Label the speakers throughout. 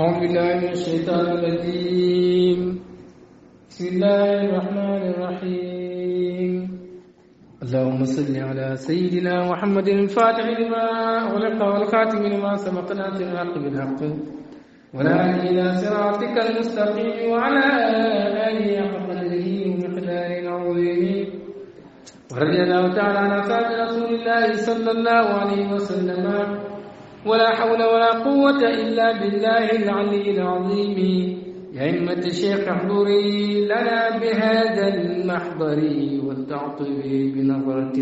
Speaker 1: أعوذ بالله من الشيطان
Speaker 2: الرجيم بسم الله الرحمن الرحيم اللهم صل على سيدنا محمد الفاتح لما أغلق والخاتم لما سبق ناصر الحق بالحق ولا إلى صراطك المستقيم وعلى آله حق الدين ومقداره العظيم ورضي الله تعالى عن أصحاب رسول الله صلى الله عليه وسلم ولا حول ولا قوة إلا بالله العلي العظيم يا همة الشيخ احضري لنا بهذا المحضر ولتعطفي بنظرة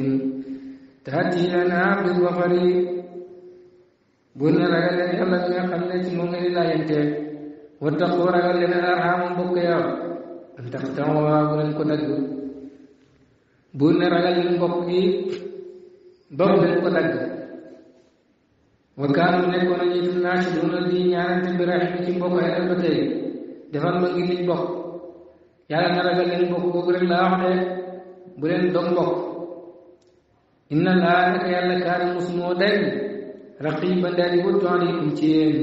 Speaker 2: تأتي لنا بالظفر
Speaker 1: بنا رجل يلا
Speaker 2: يا خلت مؤمن لا ينتهي واتقوا رجل لنا أرحام بقيا أن تقطعوا بنا كنت بنا رجل بقي بقنا Wakana mu nekkoon nañu fi naaj bu mu di ñaanante bi rahim ci mbokk ay ëlbatee defal ma ngi liñ bokk yàlla na ragal leen bokk boobu rek laa wax de bu leen dog mbokk inna laa naka yàlla kaari mus moo day raqiban daal di wëttu alaykum ci yéen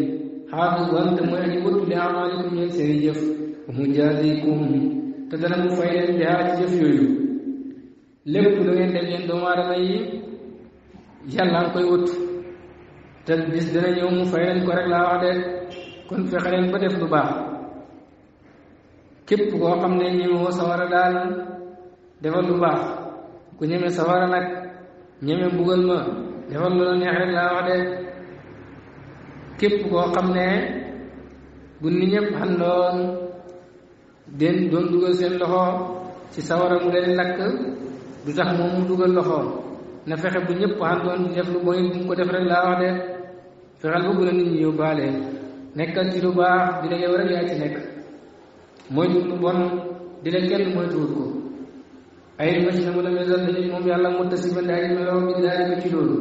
Speaker 2: xaafis wante mooy aji wëttu li amaalikum ñeen seeni jëf wa mu jaasikum te dana mu fay leen bi ci jëf yooyu lépp lu ngeen def yéen doomu aadama yi yàlla nga koy wëttu te bis dana ñëw mu fay ko rek laa wax de kon fexe koo xam ne ñemewoo sawara daal defal lu baax rek laa wax de képp koo xam ne bu nit ñëpp àndoon fexe rek laa wax de fexeel ba bu la nit ñi yóbbaale nekkal ci lu baax dina yow rek yaa ci nekk moytu lu bon dina kenn moytuwul ko ay di machine mu la mesal moom yàlla mutta si ba ndaay meloo bi daal di ci loolu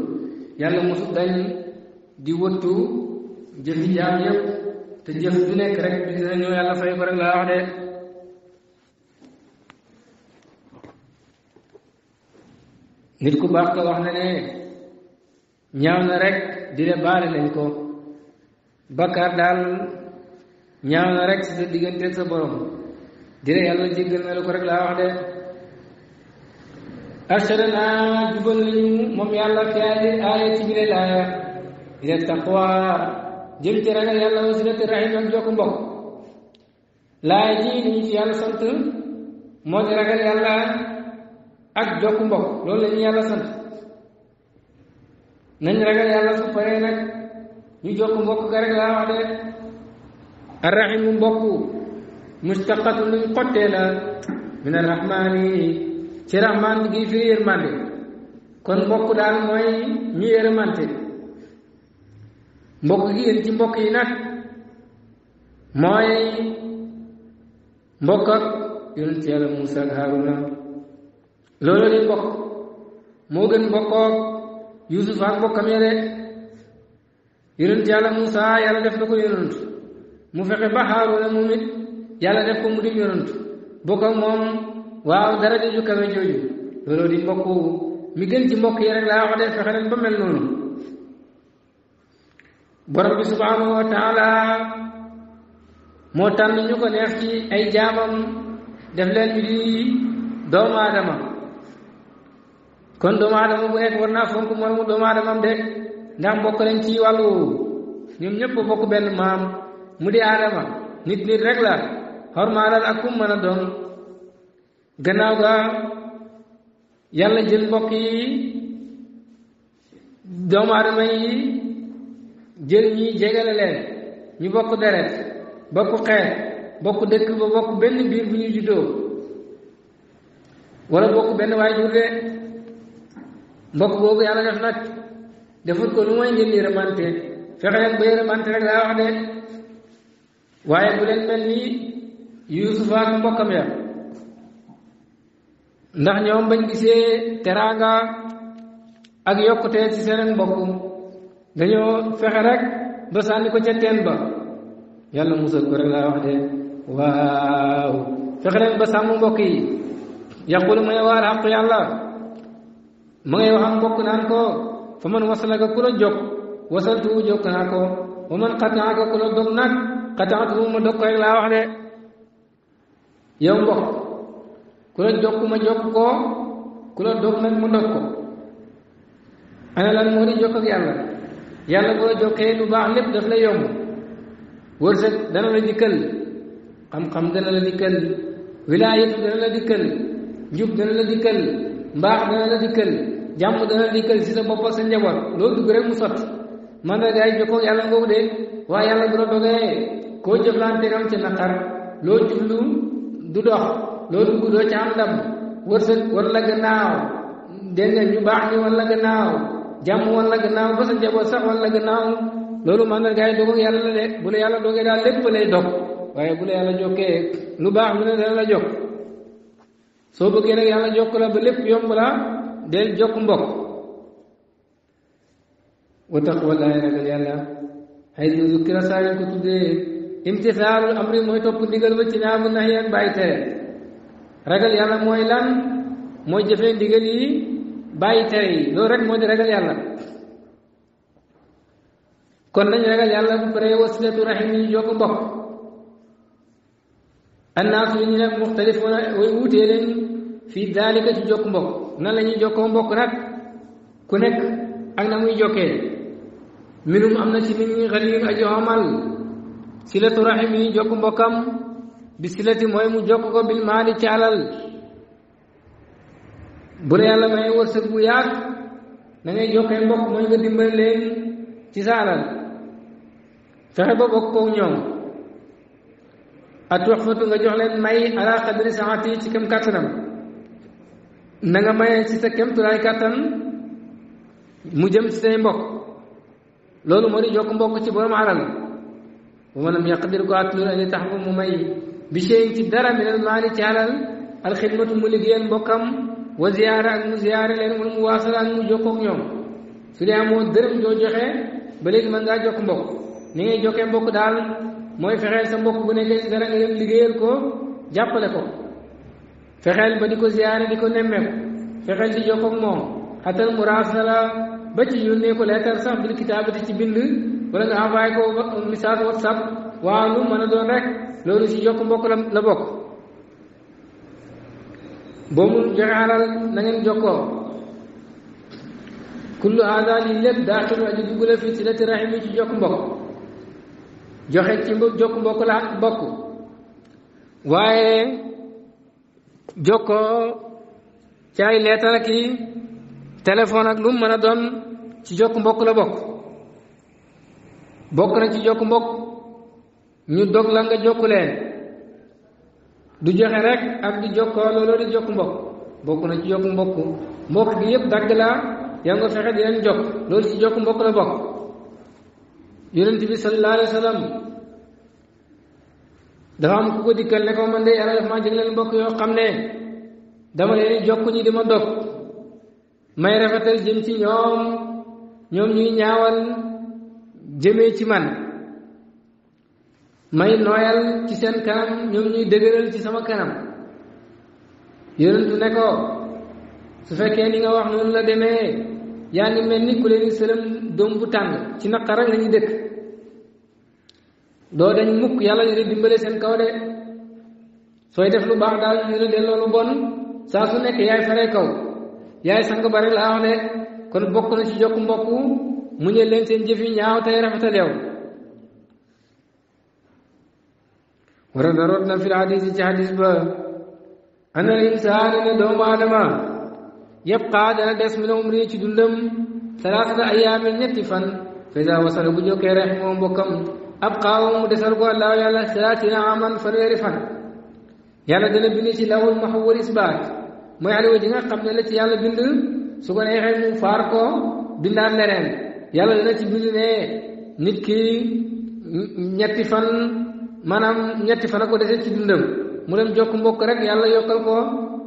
Speaker 2: yàlla mosu dañ di wëttu jëfi jaam yépp te jëf ju nekk rek bi dina ñëw yàlla fay ko laa wax de nit ku baax ko wax na ne ñaaw na rek di la baale nañ ko bakkaar daal ñaaw na rek si sa digganteeg sa borom di la yàlla na la ko rek laa wax de arshadana jubal nañu moom yàlla fi aaya ci bile laaya ila taqwa jëm ci ragal yàlla wa silati rahim ak jokk mbokk laaya ji ni ñu ci sant moo di ragal yàlla ak jokk mbokk loolu la ñu sant
Speaker 1: nañ ragal yàlla su paree nag
Speaker 2: ñu jokk mbokk ga rek laa wax de arrahimu mbokk mustaqatu luñ xottee la min arrahmaani ci rahmaan gi firi yërmande kon mbokk daal mooy ñu yërmante mbokk gi yéen ci mbokk yi nag mooy mbokk ak yonent yàlla Muusa ak Haaruna loolu mbokk moo gën mbokkook Yuusuf ak bokkam ya de yonent yàlla Muusaa yàlla def na ko yonent mu fexe ba Haaruna moom it def ko mu di yonent bokkam moom waaw dara ju kawe jooju looloo di mbokk mi gën ci mbokk yi laa wax de leen ba mel noonu borom bi subhaanahu wa moo tànn ñu ko neex ci ay jaamam def leen ñu doomu aadama kon doomu aadama bu nekk war naa fonk moromu doomu de ndax mbokk nañ ci wàllu ñoom ñëpp bokk benn maam mu di aadama nit nit rek la xormaalal ak kum mën a doon gannaaw ga yàlla jël mbokk yi doomu aadama yi jël ñi jegale leen ñu bokk deret bokk xeet bokk dëkk ba bokk benn biir bu ñu juddoo wala bokk benn waajur de mbokk boobu yàlla def nag defut ko lu mooy ngeen yërëmante fexe leen ba yërëmante rek laa wax de waaye bu mel ni Yuusuf ak mbokkam ya ndax ñoom bañ gisee teraanga ak yokkutee ci seen mbokk dañoo fexe rek ba sànni ko ca teen ba yàlla waar xaq yàlla ma ngay wax mbokk naan ko fa man wasalaka ku la jog wasaltu jog naa ko wa man qata'aka ku la dog naak qata'tu ma dog ko rek laa wax de yow mbokk ku la jog ma jog ko ku la dog nag mu dog ko ana lan moo di jog ak yàlla yàlla ya bu la lu baax lépp daf la yomb wërsëg dana la dikkal xam-xam dana la dikkal wilaayat dana la dikkal njub dana la dikkal mbaax dana la dikkal jàmm dana dikkal si sa bopp sa njaboot loolu dugg rek mu sotti man da gaay jokkoo yàlla ngoogu de waaye yàlla bu la dogee koo jëflante am ci naqar loo jublu du dox loo dugg doo ca am ndam wërsëg wan la gannaaw dégg nga ñu baax ñi wan la gannaaw jàmm wan la gannaaw ba sa njaboot sax wan la gannaaw loolu man da gaay dogoog yàlla la de bu lay dog waaye bu la yàlla jokkee lu baax mu dana la jokk soo bëggee nag yàlla jokk la ba lépp yomb del jokk mbokk wa taqwal laay ragal yàlla xëy na zukkira saa yu ko tuddee imtisaalul amri mooy topp ndigal ba ci naamu nax ak bàyyi tere ragal yàlla mooy lan mooy jëfee ndigal yi bàyyi tere yi loolu rek moo di ragal yàlla kon nañ ragal yàlla bu paree wasilatu rahim yi ñu jokk mbokk annaasu yi ñu nag muxtalif wala way wuutee leen fii daalika ci jokk mbokk nan la ñuy jokkoo mbokk nag ku nekk ak na muy jokkee minum am na ci nit ñi xaliyun aji xamal silatu rahim jokk mbokkam bi silati mooy mu jokk bil maali ci alal bu la yàlla may wërsëg bu yaat na ngay jokkee mbokk mooy nga dimbali ci sa alal fexe ba bokk koog ñoom at wax fatu nga jox leen may ala qadri saati ci kam kàttanam na nga maye ci sa kéemtulaay kàttan mu jëm ci say mbokk loolu moo di jokk mbokk ci borom alal bu ma lam yaqdir ko at loolu ani tax ba mu may bi seen ci dara min al maali ci alal alxidmatu mu liggéeyal mbokkam wa ziyaara ak mu ziyaara leen wala mu waasala ak mu jokkook ñoom su dee dërëm joo joxe ba léegi mën ngaa jokk mbokk ni ngay jokkee mbokk daal mooy fexeel sa mbokk bu nekkee ci dara nga dem liggéeyal ko jàppale ko fexeel ba di ko ziyaare di ko nemmeeku fexeel di jokk ak moom xatal muraasala ba ci yónnee ko leetar sax bil kitaabati ci bind wala nga envoyé ko message whatsapp waaw lu mën a doon rek loolu si jokk mbokk la la bokk boo mun joxe alal na ngeen jokkoo kullu hada lii lépp daaxilu aji dugg mbokk ci jokk mbokk la bokk waaye jokkoo ci ay leetar ak i lu mën a doon ci jokk mbokk la bokk bokk na ci jokk mbokk ñu dog la nga jokk leen du joxe rek ak di jokkoo loolu di jokk mbokk bokk na ci jokk mbokk mbokk gi yëpp dagg laa yaa nga fexe di leen jokk loolu ci jokk mbokk la bokk yonent bi sallallahu alayhi dama am ku ko dikkal ne ko man de yàlla dafa maa jëgleel mbokk yoo xam ne dama leen jokk ñi di ma dog may rafetal jëm ci ñoom ñoom ñuy ñaawal jëmee ci man may nooyal ci seen kanam ñoom ñuy dëgëral ci sama kanam yonentu ne ko su fekkee ni nga wax noonu la demee yaa ngi mel ni ku leen sëlëm doom bu tàng ci naqar ak la ñuy dëkk doo dañ mukk yàlla ñu ne dimbale seen kaw de sooy def lu baax daal ñu ne delloo lu bon saa su nekk yaay faray kaw yaay sang bari laa wax ne kon bokk na ci jokk mbokk muñel leen seen jëfi ñaaw tey rafetal yow wara narot na fil hadis ci hadis ba ana insaani ne doomu adama yëpp xaa dana des mi na umri ci dundam salaasata ayaamil ñetti fan fa isa wasala bu jokkee rex moo mbokkam ab xaawa mu desal ko allah yàlla salaatina aman fanweeri fan yàlla dana bind ci lawul mahawar isbaat mooy aliwa ji nga xam ne la ci yàlla bind su ko neexee mu faar ko bindaat leneen yàlla dana ci bind ne nit ki ñetti fan maanaam ñetti fan a ko desee ci dundam mu dem jokk mbokk rek yàlla yokkal ko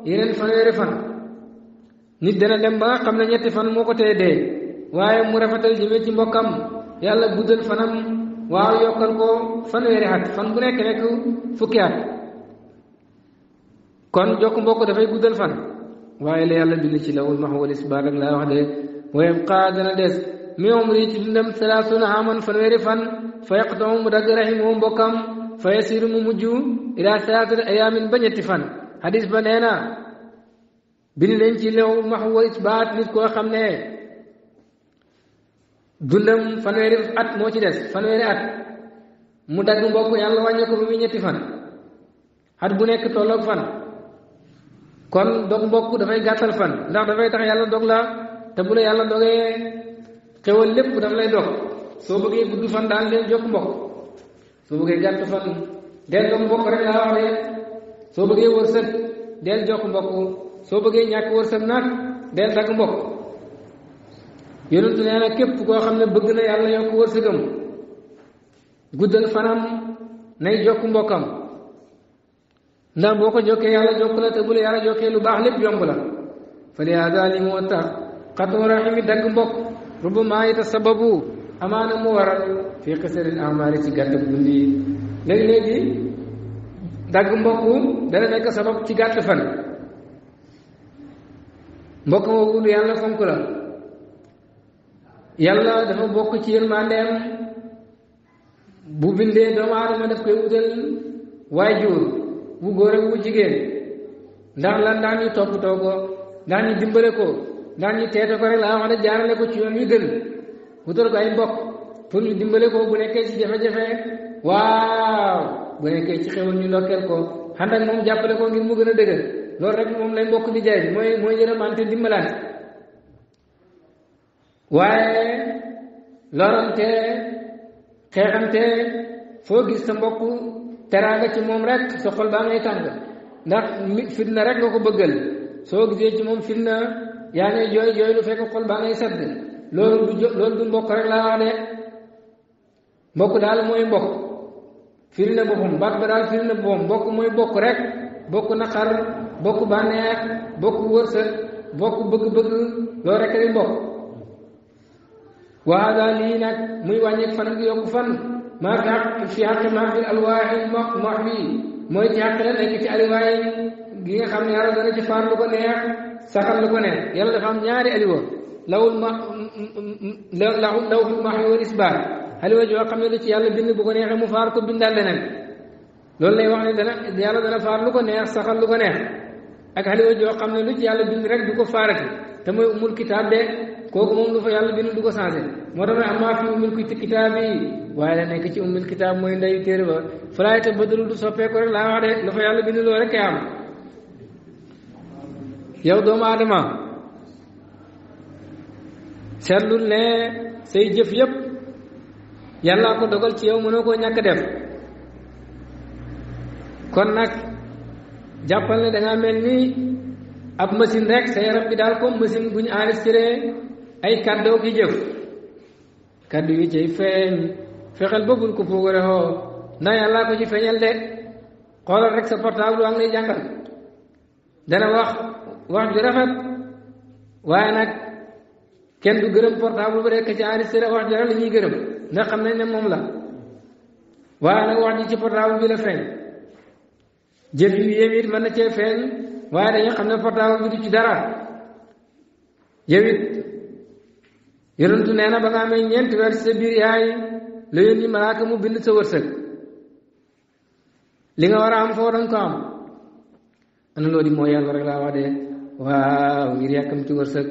Speaker 2: yeneen fanweeri fan nit dana dem ba nga xam ne ñetti fan moo ko tee waaye mu rafetal jëmee ci mbokkam yàlla guddal fanam waaw yokkal ko fanweeri at fan bu nekk nekk fukki at kon jokk mbokk dafay guddal fan waaye la yàlla bind ci lawul max isbaat ak laa wax de dana des mi umri ci dundam salaasuna aman fan fa yaqtamu mu dagg rahimahu mbokkam fa yasiru mu mujj ila salaasati ayaamin ba fan hadis ba nee na bind ci lawul max isbaat nit koo xam ne jullam fanweeri at moo ci des fanweeri at mu dagg mbokk yàlla wàññi ko ba muy ñetti fan at bu nekk tolloog fan kon dog mbokk dafay gàttal fan ndax dafay tax yàlla dog la te bu la yàlla dogee xewal lépp daf lay dog soo bëggee gudd fan daal del jokk mbokk soo bëggee gàtt fan del dog mbokk rek laa wax soo bëggee wërsëg del jokk mbokk soo bëggee ñàkk wërsëg nag del dagg mbokk yonentu nee na képp koo xam ne bëgg na yàlla yokk wërsëgam guddal fanam nay jokk mbokkam ndax boo ko jokkee yàlla jokk la te bu yàlla jokkee lu baax lépp yomb la fa lihaada li moo tax xatoo raximi dagg mbokk rubama yita sababu amaana mu waral fii xasaril amaari ci gàtt dund yi léegi-léegi dagg mbokk dana nekk sabab ci gàtt fan mbokk moomu yàlla fonk la yalla dafa bokk ci yërmandeem bu bindee doomu aadama daf koy wutal waajur bu góor ak bu jigéen ndax lan daan ñu toppatoo ko daan ñu dimbale ko daan ñu teete ko rek la wax ne jaarale ko ci yoon yu gën wutal ko ay mbokk pour ñu dimbale ko bu nekkee ci jafe-jafe waaw bu nekkee ci xewal ñu ndokkeel ko xandak moom jàppale ko ngir mu gën a dëgër loolu rek moom lay mbokk di jaay mooy mooy mante dimbalante waaye lorante xeexante foo gis sa mbokk teraanga ci moom rek sa xol baa ngay tàng ndax fitna rek nga ko bëggal soo gisee ci moom fitna yaa ngay jooy jooy lu fekk xol baa ngay sedd loolu du mbokk rek laa wax de mbokk daal mooy mbokk firi na boppam baat ba daal firi na boppam mbokk mooy bokk rek bokk naqar bokk bànneex bokk wërsëg bokk bëgg-bëgg loolu rek di mbokk waa daal lii nag muy wàññeeku fan ak fan maa fi àq fi maa fi alwaaxi mox mox bi mooy ci àq la nekk ci aliwaay gi nga xam ne yàlla dana ci faar lu ko neex saxal lu neex yàlla dafa am ñaari aliwa lawul ma lawul lawul max wal isbaat aliwa joo xam ne lu ci yàlla bind bu ko neexee mu faar ko bindal leneen loolu lay wax yàlla dana faar lu ko neex saxal lu ko neex ak aliwa joo xam ne lu ci yàlla bind rek du ko faarati te kitaab de. kooku moom lu fa yàlla bind du ko changé moo tax nag fi umil kitaab yi waaye la nekk ci umil kitaab mooy ndeyu téere ba falaay te bëddalu du soppeeku rek laa wax de lu doomu aadama seetlul ne say jëf yépp yàllaa ko dogal ci yow mënoo koo ñàkk def kon nag jàppal ne dangaa mel ni ab machine rek sa yaram bi daal comme machine bu ñu enregistré ay kàddoo ki jëf kàddu yi cay feeñ fexeel ba bul ko foogare xoo ndax yàllaa ko ci feeñal de xoolal rek sa portable waa ngi lay jàngal dana waaye nag kenn du gërëm portable ba rekk ci enregistré wax ju rafet la ñuy gërëm ndax xam nañ ne moom la waaye nag wax ji ci portable bi la feeñ jëf yu yéem it mën na cee feeñ waaye dañu xam ne portable bi du ci dara yow yonentu nee na ba nga amee ñeenti weer sa biir yaay la yónni malaaka mu bind sa wërsëg li nga war a am foo danga ko am ana loo di mooy yàlla rek laa wax de waaw ngir yàkkam ci wërsëg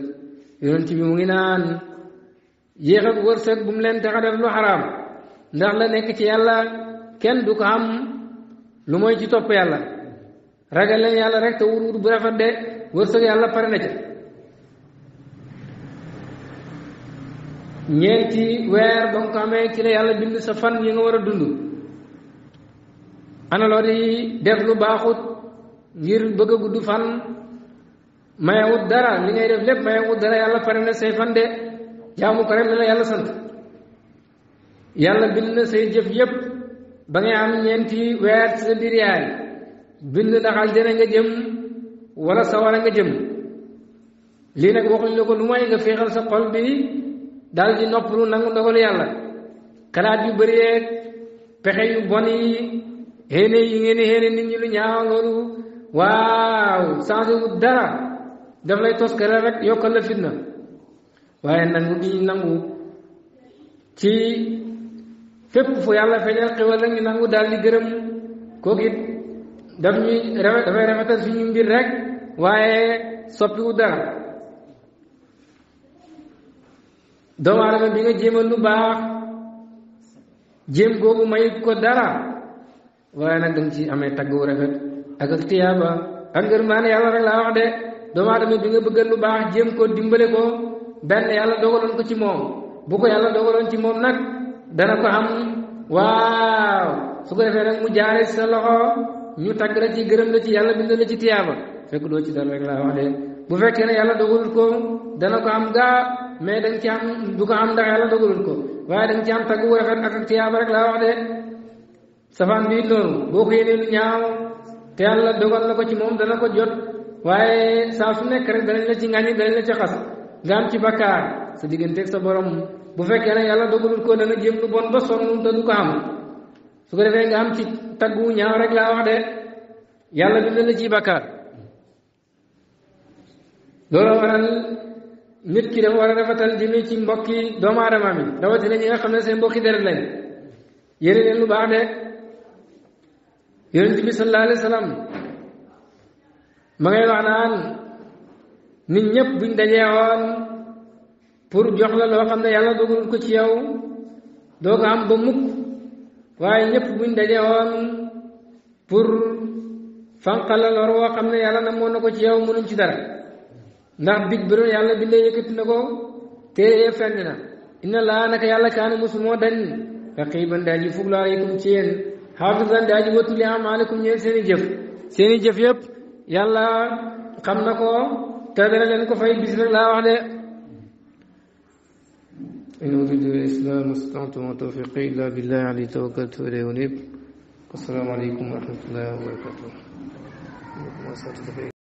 Speaker 2: yonent bi mu ngi naan yéex wërsëg bu mu leen tax a def lu xaraam ndax la nekk ci yàlla kenn du ko am lu mooy ci topp yàlla yàlla rek te wut wut bu rafet de wërsëg yàlla pare na ca ñeenti weer ba nga ko amee ci la yàlla bind sa fan yi nga war a dund ana loo di def lu baaxut ngir bëgg a gudd fan
Speaker 1: mayewut dara li ngay def lépp
Speaker 2: mayewut dara yàlla pare na say fan de jaamu ko rek la yàlla sant yàlla bind na say jëf yépp ba ngay am ñeenti weer ci sa biir yaay bind ndax aljana nga jëm wala sawara nga jëm lii nag waxuñ la ko lu may nga féexal sa xol bi dal di noppalu nangu ndogalu yàlla xalaat yu bëri yeeg pexe yu bon yi xéene yi ngeen xéene nit ñi lu ñaaw loolu waaw changé dara daf lay toskare rek yokkal la fitna waaye nangu gi nangu ci fépp fu yàlla feeñal xéwal la ñu nangu daal di gërëm kooku it daf ñuy rafet dafay rek waaye soppiwu dara doomu aadama bi nga jéemal lu baax jéem googu may ko dara waaye nag danga ci amee tagg wu rafet ak ak tiyaaba ak ngërmaane yàlla rek laa wax de doomu aadama bi nga bëggal lu baax jéem ko dimbale ko benn yàlla dogaloon ko ci moom bu ko yàlla dogaloon ci moom nag dana ko am waaw su ko defee nag mu jaare sa loxo ñu tagg ci gërëm na ci yàlla bind la ci tiyaaba fekk doo ci dara rek laa wax de bu fekkee ne yàlla dogalul ko dana ko am gaa mais da nga ci am du ko am ndax yàlla dogalul ko waaye da nga ci am tagg wu rafet ak ak tiyaaba rek laa wax de safaan bi loolu boo ko yéenee lu ñaaw te yàlla dogal la ko ci moom dana ko jot waaye saa su nekk rek danañ la ci ngañi danañ la ci xas nga am ci bakkaar sa digganteeg sa borom bu fekkee ne yàlla dogalul ko dana jéem lu bon ba sonn te du ko am su ko defee nga am ci tagg wu ñaaw rek laa wax de yàlla bind la ci bakkaar loolu waral nit ki dafa war a rafetal jëmee ci mbokki doomu aadama mi rawatina ñi nga xam ne seen mbokki deret lañ yéene leen lu baax de yonent bi sallallahu alayhi wa ñëpp buñ dajee woon pour jox loo xam ne yàlla dogalul ko ci yaw doo ko am ba mukk waaye ñëpp buñ dajee woon pour fànqal la lor woo xam ne yàlla na moon na ko ci yow mënuñ ci dara ndax big bi doon yàlla bindee yëkkati na ko téere yee fenn na inna laa naka yàlla kaanu mosul moo dañ raqiiban daal ji fuglu aleykum ci yéen xaafisan daal ji wattu li amaalekum ñeen seen i jëf seen i jëf yëpp yàlla xam na ko te dana leen ko fay bis rek laa wax de in uridu al-islaam mastata'tu wa tawfiqi illa billahi alayhi tawakkaltu wa ilayhi unib assalaamu aleykum wa rahmatullahi wa barakatuh